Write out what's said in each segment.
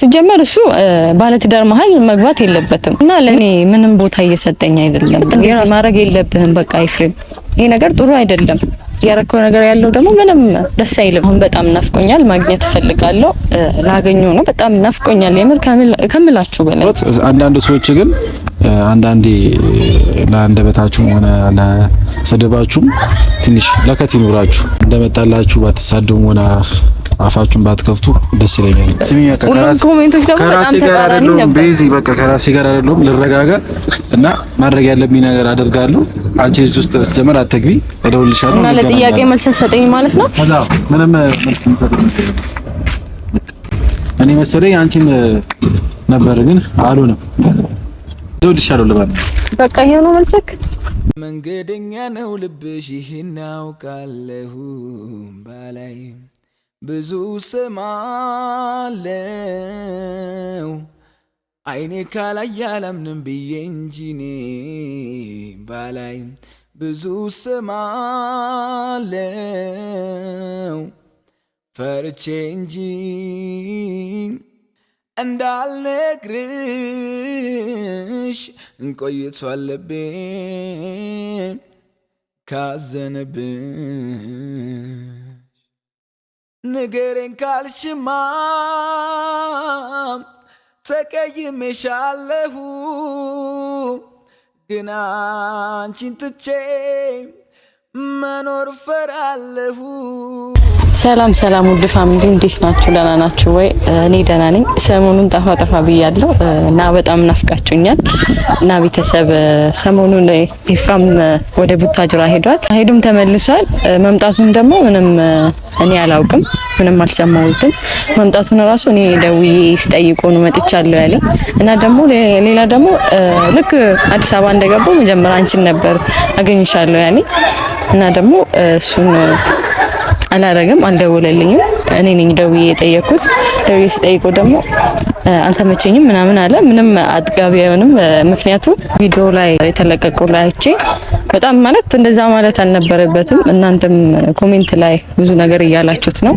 ሲጀመር እሱ ባለትዳር መሀል መግባት የለበትም እና ለእኔ ምንም ቦታ እየሰጠኝ አይደለም። ማድረግ የለብህም በቃ ኤፍሬም፣ ይሄ ነገር ጥሩ አይደለም። ያረከው ነገር ያለው ደግሞ ምንም ደስ አይልም። አሁን በጣም ናፍቆኛል፣ ማግኘት እፈልጋለሁ፣ ላገኘው ነው። በጣም ናፍቆኛል የምር ከምላችሁ በላይ። አንዳንድ ሰዎች ግን አንዳንዴ ለአንደበታችሁም ሆነ ለስድባችሁም ትንሽ ለከት ይኑራችሁ። እንደመጣላችሁ ባትሳደቡም ሆነ አፋችሁን ባትከፍቱ ደስ ይለኛል። ስሚኝ፣ ከራሴ ጋር አይደለሁም ቤዚ፣ በቃ ከራሴ ጋር አይደለሁም። ልረጋጋ እና ማድረግ ያለብኝ ነገር አደርጋለሁ። አንቺ እዚህ ውስጥ ስትጀምር አትግቢ፣ እደውልልሻለሁ። እና ለጥያቄ መልስ ሰጠኝ ማለት ነው። ምንም መልስ ሰጠኝ እኔ መሰለኝ አንቺን ነበር፣ ግን አልሆነም። እደውልልሻለሁ። ልባ በቃ ይሄ ነው መልስክ። መንገደኛ ነው ልብሽ፣ ይሄን አውቃለሁ ባላይ ብዙ ስም አለው አይኔ ካላይ አላምንም ብዬ እንጂኔ ባላይ ብዙ ስም አለው ፈርቼ እንጂ እንዳልነግርሽ እንቆይቷል አለብን ካዘነብን ንገሬን ካልሽማ ተቀይሜሻለሁ ግን አንቺን ትቼ መኖር ፈራለሁ። ሰላም ሰላም ውድ ፋሚሊ እንዴት ናችሁ? ደህና ናችሁ ወይ? እኔ ደህና ነኝ። ሰሞኑን ጠፋ ጠፋ ብያለሁ እና በጣም ናፍቃችሁኛል እና ቤተሰብ ሰሞኑን ይፋም ወደ ቡታጅራ ሄዷል። ሄዱም ተመልሷል። መምጣቱን ደግሞ ምንም እኔ አላውቅም፣ ምንም አልሰማሁትም። መምጣቱን ራሱ እኔ ደውዬ ስጠይቆ ነው መጥቻለሁ ያለኝ እና ደግሞ ሌላ ደግሞ ልክ አዲስ አበባ እንደገባው መጀመሪያ አንቺን ነበር አገኝሻለሁ ያለኝ እና ደግሞ እሱን አላረግም፣ አልደወለልኝም። እኔ ነኝ ደውዬ የጠየኩት። ደውዬ ሲጠይቀው ደግሞ አልተመቸኝም ምናምን አለ። ምንም አጥጋቢ አይሆንም። ምክንያቱ ቪዲዮ ላይ የተለቀቀው ላይ አይቼ በጣም ማለት እንደዛ ማለት አልነበረበትም። እናንተም ኮሜንት ላይ ብዙ ነገር እያላችሁት ነው።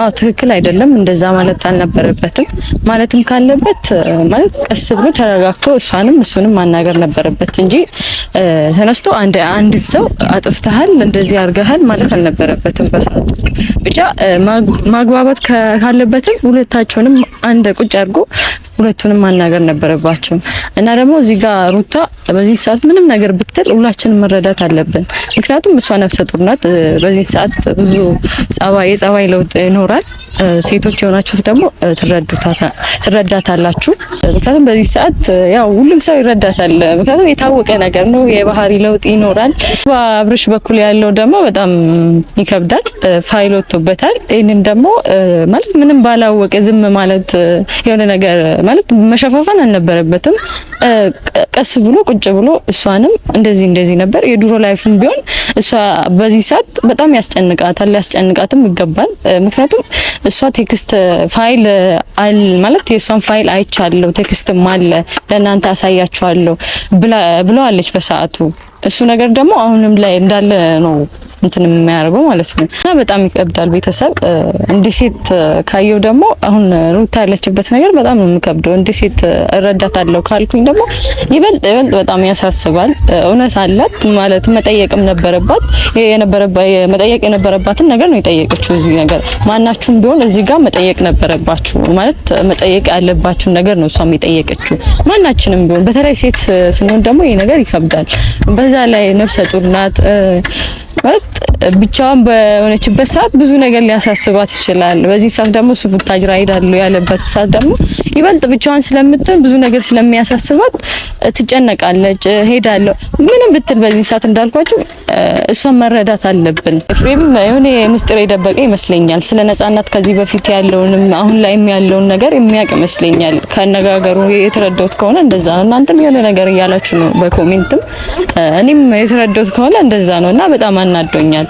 አዎ ትክክል አይደለም። እንደዛ ማለት አልነበረበትም። ማለትም ካለበት ማለት ቀስ ብሎ ተረጋግቶ እሷንም እሱንም ማናገር ነበረበት እንጂ ተነስቶ አንድ አንድ ሰው አጥፍተሃል፣ እንደዚህ አድርገሃል ማለት አልነበረበትም። በሰዓቱ ብቻ ማግባባት ካለበትም ሁለታቸውንም አንድ ቁጭ አድርጎ ሁለቱንም ማናገር ነበረባቸው እና ደግሞ እዚህ ጋር ሩታ በዚህ ሰዓት ምንም ነገር ብትል ሁላችንም መረዳት አለብን። ምክንያቱም እሷ ነፍሰ ጡር ናት። በዚህ ሰዓት ብዙ ጸባይ የጸባይ ለውጥ ነው ይኖራል። ሴቶች የሆናችሁት ደግሞ ትረዳታላችሁ። ምክንያቱም በዚህ ሰዓት ያው ሁሉም ሰው ይረዳታል። ምክንያቱም የታወቀ ነገር ነው። የባህሪ ለውጥ ይኖራል። በአብርሽ በኩል ያለው ደግሞ በጣም ይከብዳል። ፋይል ወጥቶበታል። ይህንን ደግሞ ማለት ምንም ባላወቀ ዝም ማለት የሆነ ነገር ማለት መሸፋፈን አልነበረበትም። ቀስ ብሎ ቁጭ ብሎ እሷንም እንደዚህ እንደዚህ ነበር የድሮ ላይፍም ቢሆን እሷ በዚህ ሰዓት በጣም ያስጨንቃታል፣ ያስጨንቃትም ይገባል ምክንያቱም ምክንያቱም እሷ ቴክስት ፋይል አል ማለት የእሷን ፋይል አይቻለሁ ቴክስትም አለ ለእናንተ አሳያችኋለሁ ብለዋለች በሰዓቱ እሱ ነገር ደግሞ አሁንም ላይ እንዳለ ነው እንትን የሚያደርገው ማለት ነው። እና በጣም ይከብዳል። ቤተሰብ እንዲህ ሴት ካየው ደግሞ አሁን ሩታ ያለችበት ነገር በጣም ነው የሚከብደው። እንዲህ ሴት እረዳታለሁ ካልኩኝ ደግሞ ይበልጥ ይበልጥ በጣም ያሳስባል። እውነት አላት ማለት መጠየቅም ነበረባት። መጠየቅ የነበረባትን ነገር ነው የጠየቀችው። እዚህ ነገር ማናችሁም ቢሆን እዚህ ጋር መጠየቅ ነበረባችሁ ማለት መጠየቅ ያለባችሁን ነገር ነው እሷም የጠየቀችው። ማናችንም ቢሆን በተለይ ሴት ስንሆን ደግሞ ይሄ ነገር ይከብዳል። በዛ ላይ ነፍሰ ጡር ናት። ብቻውን በሆነችበት ሰዓት ብዙ ነገር ሊያሳስባት ይችላል። በዚህ ሰዓት ደግሞ እሱ ቡታጅራ ሄዳለሁ ያለበት ሰዓት ደግሞ ይበልጥ ብቻዋን ስለምትሆን ብዙ ነገር ስለሚያሳስባት ትጨነቃለች። ሄዳለሁ ምንም ብትል በዚህ ሰዓት እንዳልኳችሁ እሷን መረዳት አለብን። ኤፍሬም የሆነ ምስጢር የደበቀ ይመስለኛል። ስለ ነጻነት ከዚህ በፊት ያለውንም አሁን ላይም ያለውን ነገር የሚያውቅ ይመስለኛል። ከአነጋገሩ የተረዳሁት ከሆነ እንደዛ ነው። እናንተም የሆነ ነገር እያላችሁ ነው በኮሜንትም እኔም የተረዳሁት ከሆነ እንደዛ ነው እና በጣም አናዶኛል።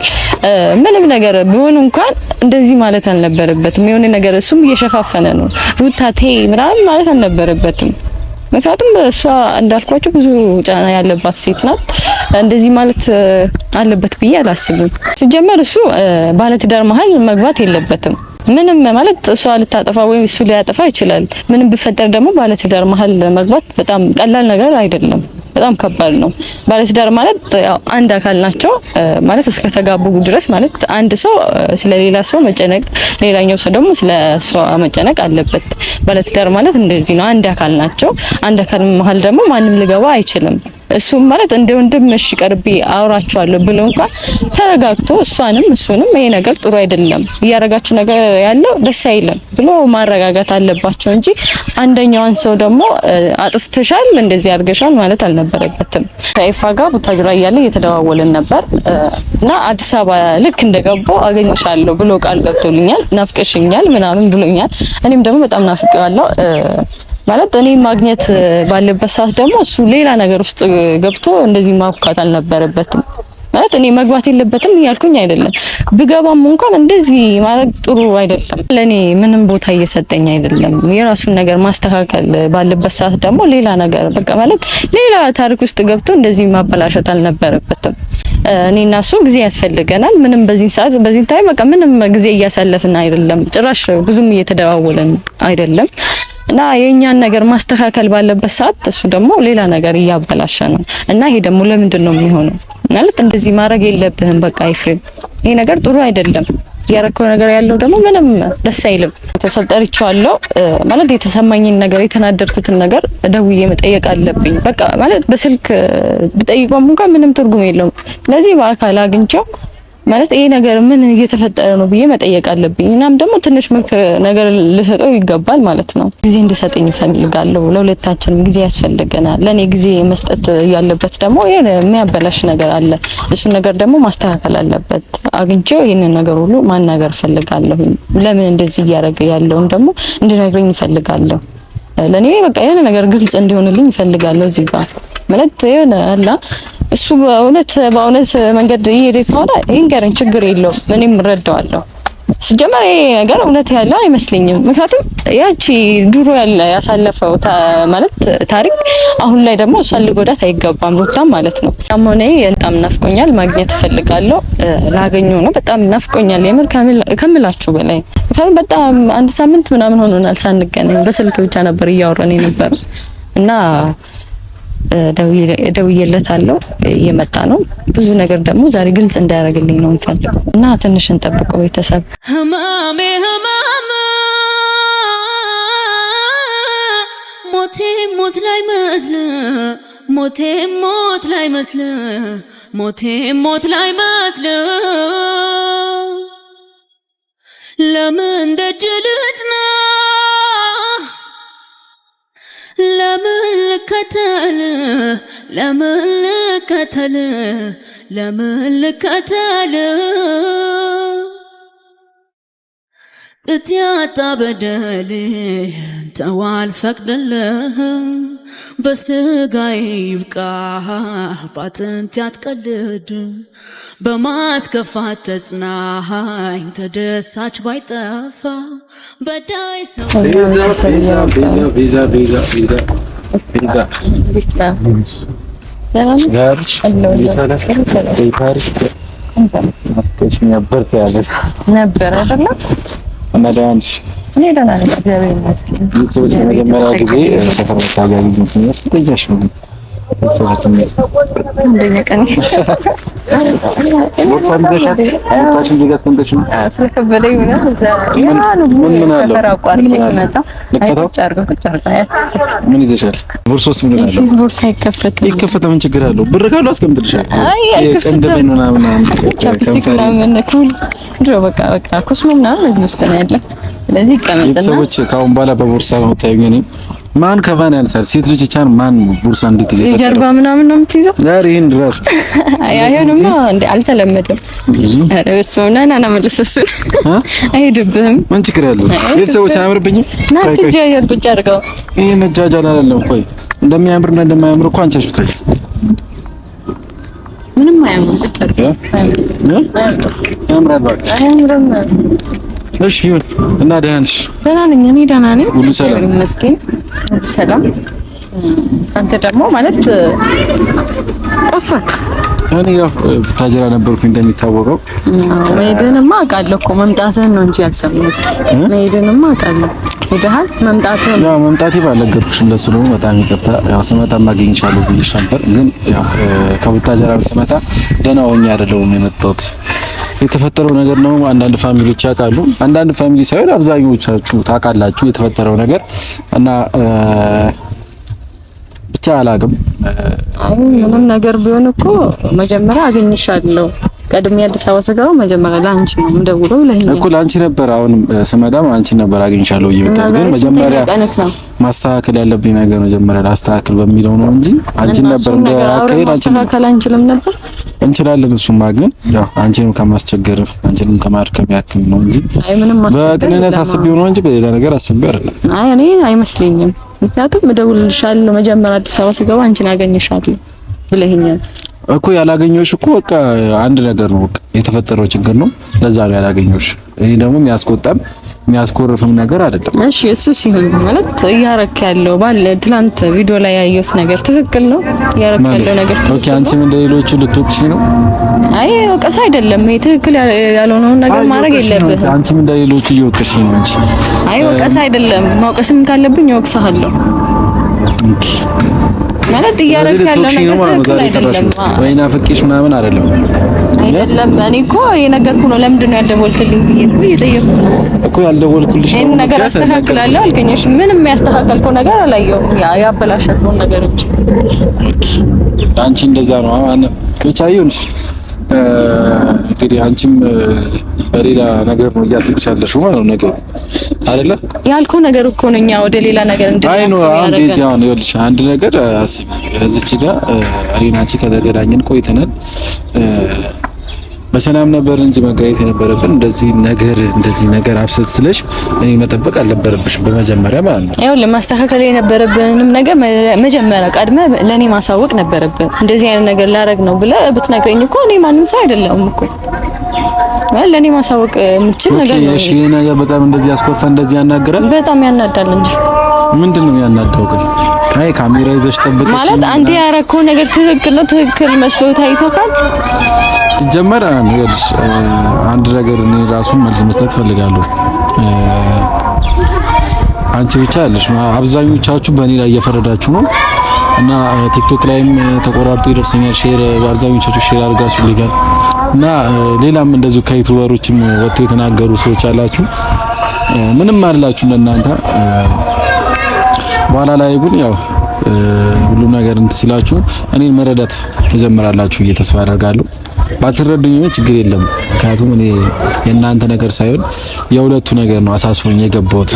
ምንም ነገር ቢሆን እንኳን እንደዚህ ማለት አልነበረበትም። የሆነ ነገር እሱም እየሸፋፈነ ነው ሩታ ቴ ምናምን ማለት አልነበረበትም። ምክንያቱም እሷ እንዳልኳቸው ብዙ ጫና ያለባት ሴት ናት። እንደዚህ ማለት አለበት ብዬ አላስብም። ሲጀመር እሱ ባለትዳር መሀል መግባት የለበትም። ምንም ማለት እሷ ልታጠፋ ወይም እሱ ሊያጠፋ ይችላል። ምንም ብፈጠር ደግሞ ባለትዳር መሀል መግባት በጣም ቀላል ነገር አይደለም። በጣም ከባድ ነው። ባለትዳር ማለት ያው አንድ አካል ናቸው ማለት እስከ ተጋቡ ድረስ ማለት አንድ ሰው ስለ ሌላ ሰው መጨነቅ፣ ሌላኛው ሰው ደግሞ ስለ መጨነቅ አለበት። ባለትዳር ማለት እንደዚህ ነው። አንድ አካል ናቸው። አንድ አካል መሀል ደግሞ ማንም ሊገባ አይችልም። እሱም ማለት እንደ ወንድም እሺ ቀርቤ አውራቸዋለሁ ብሎ እንኳን ተረጋግቶ እሷንም እሱንም ይሄ ነገር ጥሩ አይደለም እያረጋችሁ ነገር ያለው ደስ አይልም ብሎ ማረጋጋት አለባቸው እንጂ አንደኛዋን ሰው ደግሞ አጥፍተሻል፣ እንደዚህ አድርገሻል ማለት አልነበረበትም። ከኤፋ ጋር ቡታጅራ እያለ እየተደዋወልን ነበር እና አዲስ አበባ ልክ እንደገባው አገኘሻለሁ ብሎ ቃል ገብቶልኛል፣ ናፍቀሽኛል ምናምን ብሎኛል። እኔም ደግሞ በጣም ናፍቀዋለሁ ማለት እኔ ማግኘት ባለበት ሰዓት ደግሞ እሱ ሌላ ነገር ውስጥ ገብቶ እንደዚህ ማውካት አልነበረበትም። ማለት እኔ መግባት የለበትም እያልኩኝ አይደለም። ብገባም እንኳን እንደዚህ ማድረግ ጥሩ አይደለም። ለእኔ ምንም ቦታ እየሰጠኝ አይደለም። የራሱን ነገር ማስተካከል ባለበት ሰዓት ደግሞ ሌላ ነገር በቃ ማለት ሌላ ታሪክ ውስጥ ገብቶ እንደዚህ ማበላሸት አልነበረበትም። እኔና እሱ ጊዜ ያስፈልገናል። ምንም በዚህ ሰዓት በዚህ ታይም በቃ ምንም ጊዜ እያሳለፍን አይደለም። ጭራሽ ብዙም እየተደዋወለን አይደለም። እና የእኛን ነገር ማስተካከል ባለበት ሰዓት እሱ ደግሞ ሌላ ነገር እያበላሸ ነው። እና ይሄ ደግሞ ለምንድን ነው የሚሆነው? ማለት እንደዚህ ማድረግ የለብህም በቃ ኤፍሬም፣ ይሄ ነገር ጥሩ አይደለም። ያረከው ነገር ያለው ደግሞ ምንም ደስ አይልም። ተሰጠርቻለሁ ማለት የተሰማኝን ነገር የተናደድኩትን ነገር ደውዬ መጠየቅ አለብኝ። በቃ ማለት በስልክ ብጠይቀውም እንኳን ምንም ትርጉም የለውም። ስለዚህ በአካል አግኝቼው ማለት ይሄ ነገር ምን እየተፈጠረ ነው ብዬ መጠየቅ አለብኝ። እናም ደግሞ ትንሽ ምክር ነገር ልሰጠው ይገባል ማለት ነው። ጊዜ እንድሰጠኝ እፈልጋለሁ። ለሁለታችንም ጊዜ ያስፈልገናል። ለእኔ ጊዜ መስጠት ያለበት ደግሞ ይሄ የሚያበላሽ ነገር አለ። እሱን ነገር ደግሞ ማስተካከል አለበት። አግኝቼው ይህንን ነገር ሁሉ ማናገር ፈልጋለሁ። ለምን እንደዚህ እያደረገ ያለውን ደግሞ እንድነግረኝ ይፈልጋለሁ። ለእኔ በቃ የሆነ ነገር ግልጽ እንዲሆንልኝ እፈልጋለሁ። እዚህ ጋር ማለት የሆነ አላ እሱ በእውነት በእውነት መንገድ ይሄድ ከሆነ ይንገረኝ፣ ችግር የለውም እኔም እረዳዋለሁ። ሲጀመር ይሄ ነገር እውነት ያለው አይመስለኝም። ምክንያቱም ያቺ ድሮ ያለ ያሳለፈው ማለት ታሪክ አሁን ላይ ደግሞ እሷን ልጎዳት አይገባም፣ ሩታም ማለት ነው። ሆነ በጣም ናፍቆኛል፣ ማግኘት እፈልጋለሁ፣ ላገኘው ነው። በጣም ናፍቆኛል የምር ከምላችሁ በላይ ምክንያቱም በጣም አንድ ሳምንት ምናምን ሆኖናል ሳንገናኝ፣ በስልክ ብቻ ነበር እያወራን የነበረው እና ደውዬለታለሁ። እየመጣ ነው። ብዙ ነገር ደግሞ ዛሬ ግልጽ እንዳያደርግልኝ ነው እንፈልግ እና ትንሽ እንጠብቀው ቤተሰብ ህማሜ ህማም ሞቴ ሞት ላይ መስል ሞቴ ሞት ላይ መስል ሞቴ ሞት ላይ መስል ለምን ደጅ ልጥና لمن قتله لمن قتله لمن قتله اتيا تبدلي انت والفقد لهم በስጋዬ ይብቃ ባጥንት ያትቀልድ በማስከፋት ተጽናኝ ተደሳች ባይጠፋ በዳይ ሰው ነበር አይደለም እና ደህና ነሽ? እኔ ደህና ነኝ፣ እግዚአብሔር ይመስገን። መጀመሪያ ጊዜ ሰፈር መታገኝ ነው። ምን ችግር አለው? ብር ካለው አስቀምጥልሻለሁ። ድሮ ስለዚህ ይቀመጥና ከአሁን በኋላ በቦርሳ ነው የምታዩኝ እኔም ማን ከማን ያንሳል? ሴት ልጅ ቻን ማን ቡርሳ እንዴት ይዘ የጀርባ ምናምን ነው የምትይዘው? ዛሬ ይሄን ድረስ አይሆንማ እንዴ! አልተለመደም። ኧረ በስመ አብ! ና ና ና መልስ እሱን አይሄድብህም። ምን ችግር አለው? ቤተሰቦች አያምርብኝም። ና ትጃ ይሄን ቁጭ አድርገው። ይሄ መጃጃል አይደለም። ቆይ እንደሚያምርና እንደማያምር እኮ አንቺ አሽብተሽ ምንም አያምርም። ቁጭ አድርገው። ያምራል እባክሽ። አያምርም እሺ ይሁን እና ደህና ነሽ? ደህና ነኝ። እኔ ደህና ነኝ። ሁሉ ሰላም ይመስገን። ሰላም። አንተ ደግሞ ማለት ጠፋህ። እኔ ያው ታጀራ ነበርኩኝ እንደሚታወቀው። መሄድንማ አውቃለሁ እኮ መምጣትህን ነው እንጂ ያልሰማሁት። መሄድንማ አውቃለሁ ሄደሃል። መምጣትህን ያው መምጣቴ ባልነገርኩሽም ለእሱ ደግሞ በጣም ይቅርታ። ያው ስመጣ ማገኝሻለሁ ብዬሽ ነበር፣ ግን ያው ከቡታጀራ ስመጣ ደህና ሆኜ አይደለሁም የመጣሁት የተፈጠረው ነገር ነው። አንዳንድ ፋሚሊዎች ያውቃሉ፣ አንዳንድ ፋሚሊ ሳይሆን አብዛኞቻችሁ ታውቃላችሁ የተፈጠረው ነገር እና ብቻ አላውቅም። ምንም ነገር ቢሆን እኮ መጀመሪያ አገኝሻለሁ ቀድሜ አዲስ አበባ ስገባ መጀመሪያ ላንቺ ነው የምደውለው። ለኛ እኮ ላንቺ ነበር። አሁን ስመጣም አንቺ ነበር አግኝቻለሁ እየመጣሁ ግን መጀመሪያ ማስተካከል ያለብኝ ነገር መጀመሪያ ላስተካክል በሚለው ነው እንጂ አንቺ ነበር እንደ አካሄድ አንችልም ነበር እንችላለን። እሱማ ግን ያው አንቺንም ከማስቸገር አንቺንም ከማድከም ያክል ነው እንጂ በቅንነት አስቤው ነው እንጂ በሌላ ነገር አስቤ አይደለም። አይ እኔ አይመስለኝም። ምክንያቱም እደውልልሻለሁ መጀመሪያ አዲስ አበባ ስገባ አንቺን አገኘሻለሁ ብለኸኛል። እኮ ያላገኘሁሽ እኮ በቃ አንድ ነገር ነው፣ በቃ የተፈጠረው ችግር ነው። ለዛ ነው ያላገኘሁሽ። ይሄ ደግሞ የሚያስቆጣም የሚያስኮርፍም ነገር አይደለም። እሺ፣ እሱ ሲሆን ማለት እያረክ ያለው ባለ ትላንት ቪዲዮ ላይ ያየሁት ነገር ትክክል ነው። እያረክ ያለው ነገር ትክክል ነው። ኦኬ፣ አንቺም እንደ ሌሎቹ ልትወቅሽ ነው? አይ ወቀስ አይደለም። ይሄ ትክክል ያልሆነውን ነገር ማድረግ የለብህ። አንቺም እንደ ሌሎቹ ነው እንጂ። አይ ወቀስ አይደለም። መውቀስም ካለብኝ እወቅስሃለሁ። ኦኬ ማለት እያደረግህ ያለው ነገር አይደለም። ወይና ፍቄሽ ምናምን አይደለም አይደለም። እኔ እኮ የነገርኩህ ነው። ለምንድን ነው ያልደወልክልኝ ብዬ እኮ እየጠየኩህ እኮ ያልደወልኩልሽ ነው። ነገር አስተካክላለሁ አልከኝ። ምንም ያስተካከልከው ነገር አላየሁም። ያ ያበላሸከውን ነገር እንጂ አንቺ እንደዛ ነው ብቻ ይሁንሽ። እንግዲህ አንቺም በሌላ ነገር ነው እያሰብሽ ያለሽው ማለት ነው። ነገር አይደለ ያልኩህ ነገር እኮ ነው። እኛ ወደ ሌላ ነገር እንድናስብ አንድ ነገር አስቢ። እዚች ጋር እኔና አንቺ ከተገናኘን ቆይተናል። በሰላም ነበር እንጂ መገናኘት የነበረብን። እንደዚህ ነገር እንደዚህ ነገር አብሰት ስለሽ እኔ መጠበቅ አልነበረብሽም በመጀመሪያ ማለት ነው። ይኸውልህ ማስተካከል የነበረብንም ነገር መጀመሪያ ቀድመ ለኔ ማሳወቅ ነበረብን። እንደዚህ አይነት ነገር ላረግ ነው ብለህ ብትነግረኝ እኮ እኔ ማንም ሰው አይደለሁም እኮ ለእኔ ማሳወቅ የምችል ነገር ነው። እሺ ይሄ ነገር በጣም እንደዚህ ያስኮፈ እንደዚህ ያናግራል። በጣም ያናዳል እንጂ ምንድን ነው ያናዳው ግን አይ ካሜራ ይዘሽ ጠብቀሽ ማለት አንተ ያረከው ነገር ትክክል ነው። ትክክል መስሎ ታይቶካል። ሲጀመር ይኸውልሽ አንድ ነገር እኔ ራሱን መልስ መስጠት ፈልጋለሁ። አንቺ ብቻ ያለሽ አብዛኞቻችሁ በእኔ ላይ እየፈረዳችሁ ነው እና ቲክቶክ ላይም ተቆራርጦ ይደርሰኛል ሼር አብዛኞቻችሁ ሼር አድርጋችሁ ሊጋል እና ሌላም እንደዚሁ ከዩቲዩበሮችም ወጥቶ የተናገሩ ሰዎች አላችሁ። ምንም አላችሁ ለእናንተ በኋላ ላይ ግን ያው ሁሉም ነገር እንትን ሲላችሁ እኔን መረዳት ትጀምራላችሁ ብዬ ተስፋ አደርጋለሁ። ባትረዱኝ ችግር የለም። ምክንያቱም እኔ የእናንተ ነገር ሳይሆን የሁለቱ ነገር ነው አሳስቦኝ የገባሁት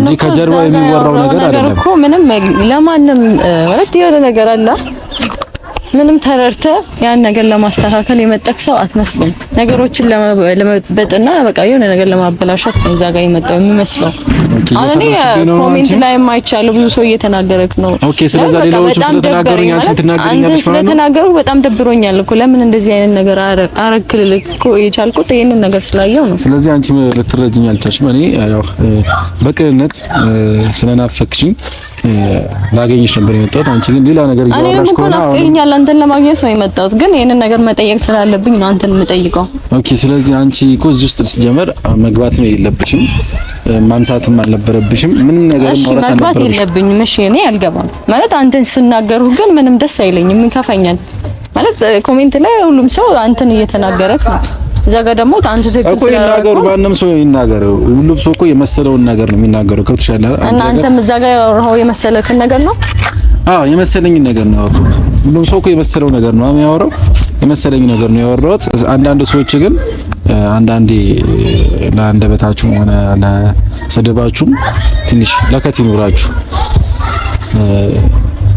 እንጂ ከጀርባ የሚወራው ነገር አይደለም። ምንም ለማንም ማለት የሆነ ነገር አለ ምንም ተረርተ ያን ነገር ለማስተካከል የመጠቅ ሰው አትመስልም። ነገሮችን ለመበጥና በቃ የሆነ ነገር ለማበላሸት ነው እዛ ጋር የመጣው የሚመስለው። አሁን ኮሜንት ላይ የማይቻለው ብዙ ሰው እየተናገረ ነው። ኦኬ፣ ስለዛ ሌሎቹ ስለተናገሩኝ አንቺ ትናገሪኛለሽ ማለት ስለተናገሩ በጣም ደብሮኛል እኮ ለምን እንደዚህ አይነት ነገር አረክልል እኮ የቻልኩት ይሄንን ነገር ስላየው ነው። ስለዚህ አንቺ ልትረጅኝ አልቻልሽም። እኔ ያው በቅንነት ስለናፈቅሽኝ ላገኝሽ ነበር የመጣሁት። አንቺ ግን ሌላ ነገር እያወራሽ ከሆነ አሁን አፍቀኛል። አንተን ለማግኘት ነው የመጣሁት፣ ግን ይሄንን ነገር መጠየቅ ስላለብኝ ነው አንተን የምጠይቀው። ኦኬ። ስለዚህ አንቺ እኮ እዚህ ውስጥ ሲጀመር መግባት ነው የለብሽም፣ ማንሳትም አልነበረብሽም። ምንም ነገር ማውራት አልነበረብሽም። መግባት የለብኝም። እሺ፣ እኔ አልገባም ማለት አንተን ስናገሩ ግን ምንም ደስ አይለኝም፣ ይከፋኛል ማለት ኮሜንት ላይ ሁሉም ሰው አንተን እየተናገረ እዛ ጋር ደግሞ አንተ ትክክል እኮ ይናገሩ፣ ማንም ሰው ይናገር። ሁሉም ሰው እኮ የመሰለውን ነገር ነው የሚናገረው። ከተሻለ እና አንተም እዛ ጋር ያወራው የመሰለክን ነገር ነው። አዎ የመሰለኝ ነገር ነው ያወራሁት። ሁሉም ሰው እኮ የመሰለው ነገር ነው የሚያወራው። የመሰለኝ ነገር ነው ያወራሁት። አንዳንድ ሰዎች ግን አንዳንዴ ለአንደበታችሁም ሆነ ለስድባችሁም ትንሽ ለከት ይኖራችሁ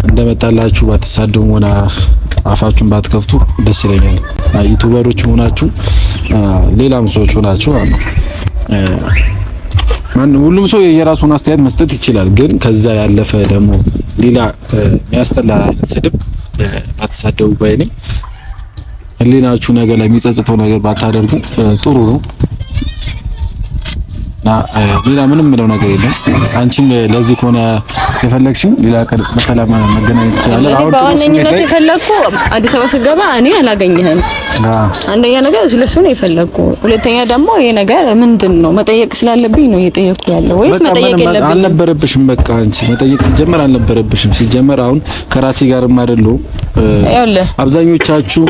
እንደመጣላችሁ ባትሳደቡ ሆነ አፋችሁን ባትከፍቱ ደስ ይለኛል። ዩቱበሮች ሆናችሁ ሌላም ሰዎች ሆናችሁ አሉ ማን ሁሉም ሰው የየራሱን አስተያየት መስጠት ይችላል። ግን ከዛ ያለፈ ደግሞ ሌላ የሚያስጠላ አይነት ስድብ ባትሳደቡ ባይኔ ህሊናችሁ ነገር ላይ የሚጸጽተው ነገር ባታደርጉ ጥሩ ነው። እና ሌላ ምንም የምለው ነገር የለም። አንቺም ለዚህ ከሆነ የፈለግሽኝ ሌላ ቀን በሰላም መገናኘት ትችላለህ። አሁን በዋነኝነት የፈለግኩ አዲስ አበባ ስገባ እኔ አላገኘህም። አንደኛ ነገር ስለሱ ነው የፈለግኩ፣ ሁለተኛ ደግሞ ይሄ ነገር ምንድን ነው መጠየቅ ስላለብኝ ነው እየጠየቅኩ ያለው ወይስ መጠየቅ የለብኝ? አልነበረብሽም። በቃ አንቺ መጠየቅ ሲጀመር አልነበረብሽም። ሲጀመር አሁን ከራሴ ጋርም አይደለሁም። አብዛኞቻችሁ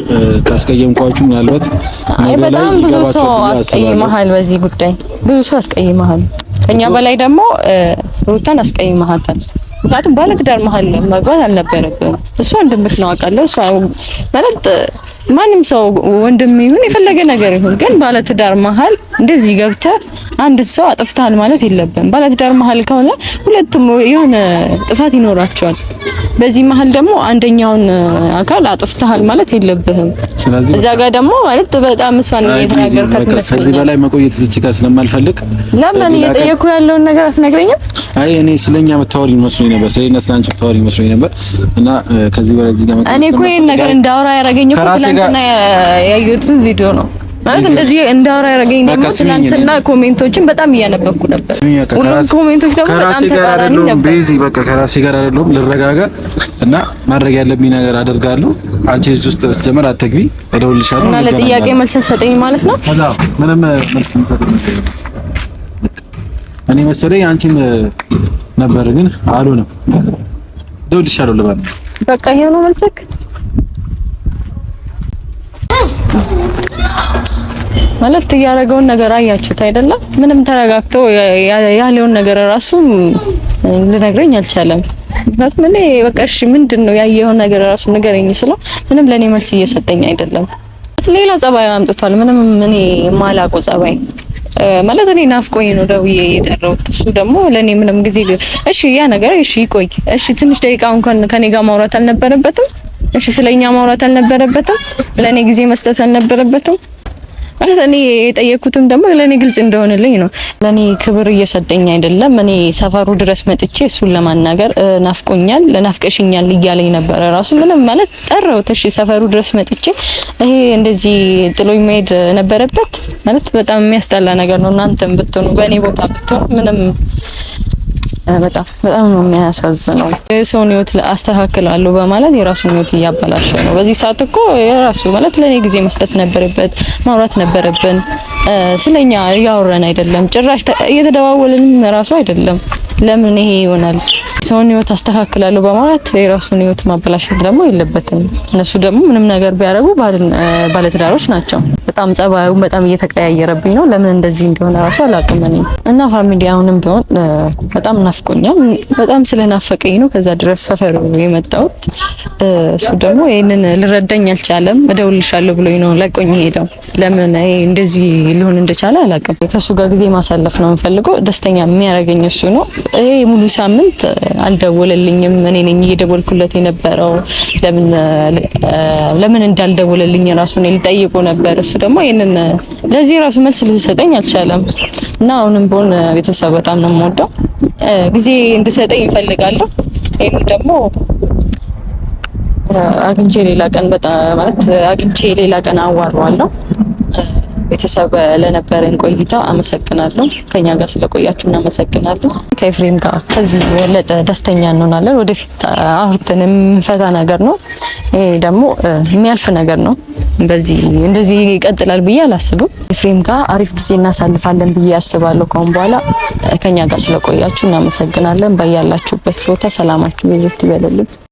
ካስቀየምኳችሁ ምናልባት በጣም ብዙ ሰው አስቀይመሃል። በዚህ ጉዳይ ብዙ ሰው አስቀይ ያስቀይመሃል። ከኛ በላይ ደግሞ ሩታን አስቀይመሃታል። ምክንያቱም ባለትዳር መሀል መግባት አልነበረብህም። እሱ ወንድምህ ነው አውቃለሁ። እሱ ማለት ማንም ሰው ወንድም ይሁን የፈለገ ነገር ይሁን፣ ግን ባለትዳር መሀል እንደዚህ ገብተህ አንድ ሰው አጥፍታል ማለት የለብን። ባለትዳር መሀል ከሆነ ሁለቱም የሆነ ጥፋት ይኖራቸዋል። በዚህ መሀል ደግሞ አንደኛውን አካል አጥፍታል ማለት የለብህም። እዛ ጋር ደግሞ ማለት በጣም እሷን እየተናገርካት መስለኝ ከዚህ በላይ መቆየት እዚህ ጋር ስለማልፈልግ ለምን እየጠየኩ ያለውን ነገር አትነግረኝም? አይ እኔ ስለኛ መታወሪ መስሎኝ ነበር፣ ስለኛ ስላንቺ መታወሪ መስሎኝ ነበር እና ከዚህ በላይ እዚህ ጋር እኔ እኮ ይሄን ነገር እንዳወራ ያደረገኝ እኮ ትናንትና ያየሁትን ቪዲዮ ነው። ማለት እንደዚህ እንዳወራ ያደረገኝ ደግሞ ትናንትና ኮሜንቶችን በጣም እያነበብኩ ነበር። ሁሉም ኮሜንቶች ደግሞ በጣም ተቃራኒ ነበር። ቤዚ በቃ ከራሴ ጋር አይደለም፣ ልረጋጋ እና ማድረግ ያለብኝ ነገር አደርጋለሁ። አንቺ እዚህ ውስጥ ስትጀምር አትግቢ፣ እደውልልሻለሁ እና ለጥያቄ መልስ ሰጠኝ ማለት ነው። ምንም መልስ ሰጠኝ እኔ መሰለኝ አንቺም ነበር ግን አልሆነም። እደውልልሻለሁ ልባል በቃ ይሄ ነው መልስክ ማለት እያደረገውን ነገር አያችሁት አይደለም? ምንም ተረጋግቶ ያለውን ነገር ራሱ ልነግረኝ አልቻለም። ምክንያቱም እኔ በቃ እሺ ምንድን ነው ያየውን ነገር ራሱ ንገረኝ ስለው ምንም ለእኔ መልስ እየሰጠኝ አይደለም። ሌላ ጸባይ አምጥቷል። ምንም እኔ ማላቆ ጸባይ ማለት እኔ ናፍቆኝ ነው ደውዬ የጠራሁት። እሱ ደግሞ ለእኔ ምንም ጊዜ እሺ ያ ነገር እሺ ይቆይ፣ እሺ ትንሽ ደቂቃ እንኳን ከኔ ጋር ማውራት አልነበረበትም። እሺ ስለኛ ማውራት አልነበረበትም። ለእኔ ጊዜ መስጠት አልነበረበትም። ማለት እኔ የጠየኩትም ደግሞ ለእኔ ግልጽ እንደሆነልኝ ነው። ለእኔ ክብር እየሰጠኝ አይደለም። እኔ ሰፈሩ ድረስ መጥቼ እሱን ለማናገር ናፍቆኛል፣ ናፍቀሽኛል እያለኝ ነበረ። ራሱ ምንም ማለት ጠራሁት፣ እሺ ሰፈሩ ድረስ መጥቼ ይሄ እንደዚህ ጥሎኝ መሄድ ነበረበት ማለት በጣም የሚያስጠላ ነገር ነው። እናንተም ብትሆኑ በእኔ ቦታ ብትሆኑ ምንም በጣም በጣም ነው የሚያሳዝነው። የሰውን ህይወት አስተካክላለሁ በማለት የራሱን ህይወት እያበላሸ ነው። በዚህ ሰዓት እኮ የራሱ ማለት ለእኔ ጊዜ መስጠት ነበረበት፣ ማውራት ነበረብን። ስለኛ እያወራን አይደለም፣ ጭራሽ እየተደዋወልንም ራሱ አይደለም። ለምን ይሄ ይሆናል? ሰውን ህይወት አስተካክላለሁ በማለት የራሱን ህይወት ማበላሸት ደግሞ የለበትም። እነሱ ደግሞ ምንም ነገር ቢያደርጉ ባለትዳሮች ናቸው። በጣም ጸባዩ በጣም እየተቀያየረብኝ ነው። ለምን እንደዚህ እንደሆነ ራሱ አላውቅም። እና ፋሚሊ አሁንም ቢሆን በጣም ናፍቆኛል። በጣም ስለናፈቀኝ ነው ከዛ ድረስ ሰፈሩ የመጣሁት። እሱ ደግሞ ይህንን ልረዳኝ አልቻለም። እደውልሻለሁ ብሎኝ ነው ለቆኝ ሄደው። ለምን እንደዚህ ሊሆን እንደቻለ አላቅም። ከእሱ ጋር ጊዜ ማሳለፍ ነው የምፈልገው። ደስተኛ የሚያደርገኝ እሱ ነው። ይሄ ሙሉ ሳምንት አልደወለልኝም። እኔ ነኝ እየደወልኩለት የነበረው። ለምን ለምን እንዳልደወለልኝ ራሱ ነው ልጠይቆ ነበር። እሱ ደግሞ ይሄንን ለዚህ ራሱ መልስ ልሰጠኝ አልቻለም። እና አሁንም ቢሆን ቤተሰብ በጣም ነው የምወደው። ጊዜ እንድሰጠኝ ይፈልጋለሁ። ይሄን ደግሞ አግኝቼ ሌላ ቀን በጣም ማለት አግኝቼ ሌላ ቀን አዋራዋለሁ። ቤተሰብ ለነበረን ቆይታ አመሰግናለሁ። ከኛ ጋር ስለቆያችሁ እናመሰግናለሁ። ከኤፍሬም ጋር ከዚህ የበለጠ ደስተኛ እንሆናለን። ወደፊት አውርተን የምንፈታ ነገር ነው። ይሄ ደግሞ የሚያልፍ ነገር ነው። በዚህ እንደዚህ ይቀጥላል ብዬ አላስብም። ኤፍሬም ጋር አሪፍ ጊዜ እናሳልፋለን ብዬ አስባለሁ። ከአሁን በኋላ ከኛ ጋር ስለቆያችሁ እናመሰግናለን። በያላችሁበት ቦታ ሰላማችሁ ይዘት ይበልልን።